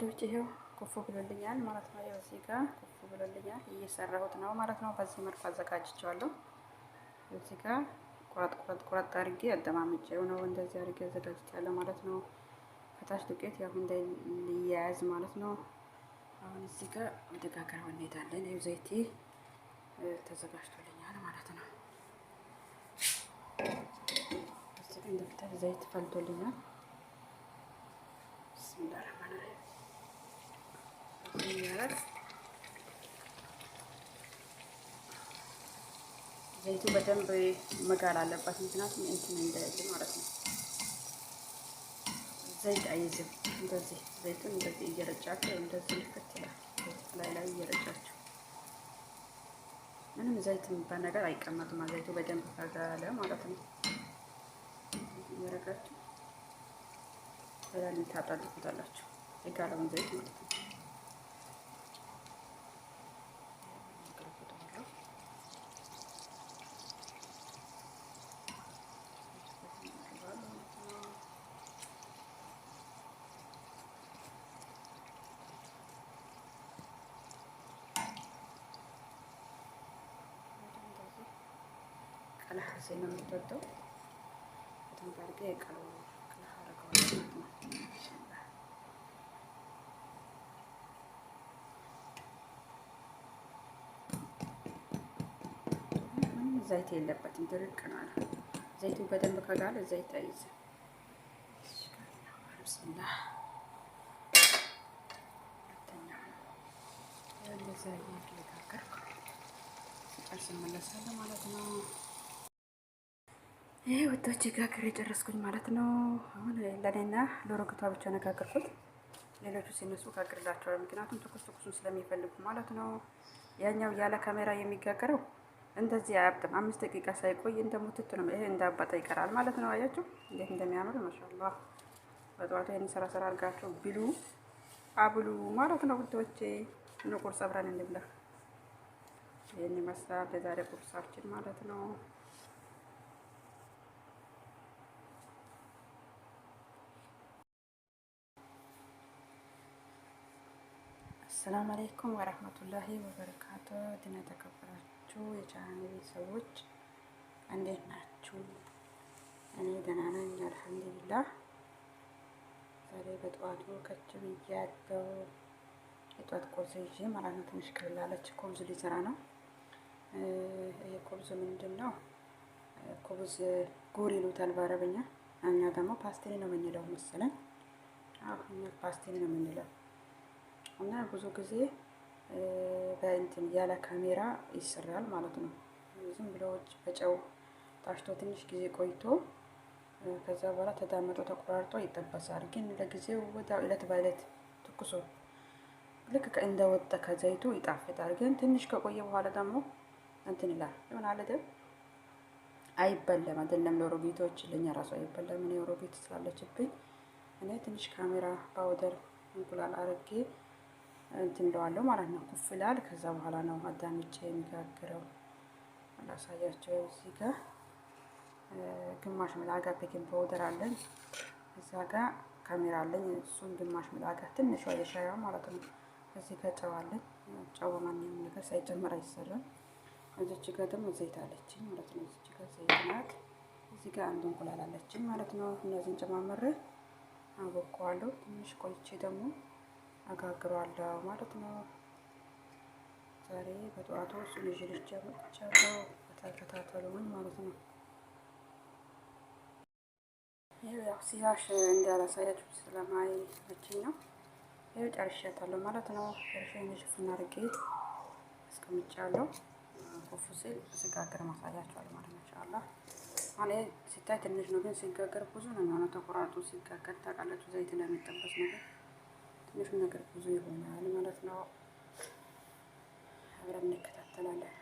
ውዶች ይሄው ኩፍ ብሎልኛል ማለት ነው። ያው እዚህ ጋር ኩፍ ብሎልኛል እየሰራሁት ነው ማለት ነው። በዚህ መልኩ አዘጋጅቼዋለሁ። እዚህ ጋር ቁረጥ ቁረጥ ቁረጥ አድርጌ አደማምጬው ነው እንደዚህ አድርጌ አዘጋጅቻለሁ ማለት ነው። ከታች ዱቄት ያው እንዳይያያዝ ማለት ነው። አሁን እዚህ ጋር ወደ ጋገራው እንሄዳለን። ይኸው ዘይቴ ተዘጋጅቶልኛል ማለት ነው። እዚህ ጋር እንደምታዩት ዘይት ፈልቶልኛል። ብስሚላህ ረህማን ረሂም ስለሚያረግ ዘይቱ በደንብ መጋል አለባት። ምክንያቱም እንትን እንዳይል ማለት ነው። ዘይት አይዝም። እንደዚህ ዘይቱን እንደዚህ እየረጫቸው እንደዚህ ልክት ላይ ላይ እየረጫቸው ምንም ዘይት የሚባል ነገር አይቀመጥም። ዘይቱ በደንብ ከጋለ ማለት ነው። እየረጋችሁ በላል ታጣልቁታላችሁ የጋለውን ዘይት ማለት ነው። ቅላሀሴ ነው የምትወደው። በደንብ አድርጌ የቀሩ ቅላሀ አደርገዋለሁ ማለት ነው። ዘይት የለበትም፣ ድርቅ ነው አለ። ዘይቱ በደንብ ከጋለ ዘይት አይዝም። ብስምላ እመለሳለሁ ማለት ነው። ይህ ወጣች ጋግሬ ጨረስኩኝ ማለት ነው። አሁን ለእኔና ለሮግቷ ብቻ ነጋግርኩት። ሌሎቹ ሲነሱ ጋግርላቸዋል። ምክንያቱም ትኩስ ትኩሱን ስለሚፈልጉ ማለት ነው። ያኛው ያለ ካሜራ የሚጋገረው እንደዚህ አያብጥም። አምስት ደቂቃ ሳይቆይ እንደሙትት ነው። ይሄ እንዳባጣ ይቀራል ማለት ነው። አያችሁ እንዴት እንደሚያምር ማሻላ። በጠዋቱ ይህን ስራ ስራ አድርጋቸው ብሉ አብሉ ማለት ነው። ውዶቼ ቁርስ አብረን እንብላ። ይህን ይመስላል የዛሬ ቁርሳችን ማለት ነው። አሰላሙ አለይኩም ወረህመቱላሂ ወበረካቱ ድና የተከበራችሁ የቻናሌ ሰዎች እንዴት ናችሁ? እኔ ደህና ነኝ፣ አልሐምዱሊላህ። ዛሬ በጠዋቱ ከች ብያለሁ። የጠዋት ቆብዝ ይዤ ማለት ነው። ትንሽ ክልላለች። ኮብዝ ሊዘራ ነው። ይሄ ኮብዝ ምንድን ነው? ኮብዝ ጉር ይሉታል በአረብኛ። እኛ ደግሞ ፓስቴኒ ነው የምንለው መሰለኝ። እኛ ፓስቴኒ ነው የምንለው እና ብዙ ጊዜ በእንትን ያለ ካሜራ ይሰራል ማለት ነው። ዝም ብሎ በጨው ታሽቶ ትንሽ ጊዜ ቆይቶ ከዛ በኋላ ተዳምጦ ተቆራርጦ ይጠበሳል። ግን ለጊዜው ወደ ዕለት በዕለት ትኩሶ ልክ እንደወጣ ከዘይቱ ይጣፍጣል። ግን ትንሽ ከቆየ በኋላ ደግሞ እንትን ይላል ይሆን አለ ደም አይበለም አይደለም። ለሮጌቶች ለኛ ራሱ አይበለም። እኔ ሮጌት ስላለችብኝ እኔ ትንሽ ካሜራ ፓውደር እንቁላል አረጌ እንትን ማለት ነው። ኩፍ ይላል። ከዛ በኋላ ነው አዳምጬ የሚጋግረው አላሳያቸው እዚህ ጋር ግማሽ ምላጋ ቤኪንግ ፓውደር አለኝ። እዛ ጋር ካሜራ አለኝ። እሱን ግማሽ ምላጋ ትንሿ የሻያ ማለት ነው። እዚህ ጋር ጨው አለኝ። ጨው በማንኛውም ነገር ሳይጨምር አይሰራም። እዚች ጋር ደግሞ ዘይት አለችኝ ማለት ነው። እዚች ጋር ዘይት ናት። እዚህ ጋር አንድ እንቁላል አለችኝ ማለት ነው። እነዚህን ጨማመረ አቦካዋለሁ። ትንሽ ቆይቼ ደግሞ አጋግሯለሁ ማለት ነው። ዛሬ በጠዋቱ እሱን ይዤልሽ መጥቻለሁ። ተከታተሉኝ ማለት ነው። ይሄው ያው ሲያሽ እንዳላሳያችሁ ስለማይመቸኝ ነው። ይሄው ጨርሻታለሁ ማለት ነው። ጨርሼን ሽፍና አድርጌ አስቀምጫለሁ። ኮፍ ሲል ሲጋገር ማሳያችኋለሁ ማለት ነው። ኢንሻአላህ ማለት ሲታይ ትንሽ ነው፣ ግን ሲጋገር ብዙ ነው የሚሆነው። ተቆራርጦ ሲጋገር ታውቃላችሁ፣ ዘይት ለሚጠበስ ነገር ትንሹ ነገር ብዙ ይሆናል ማለት ነው። አብረን እንከታተላለን።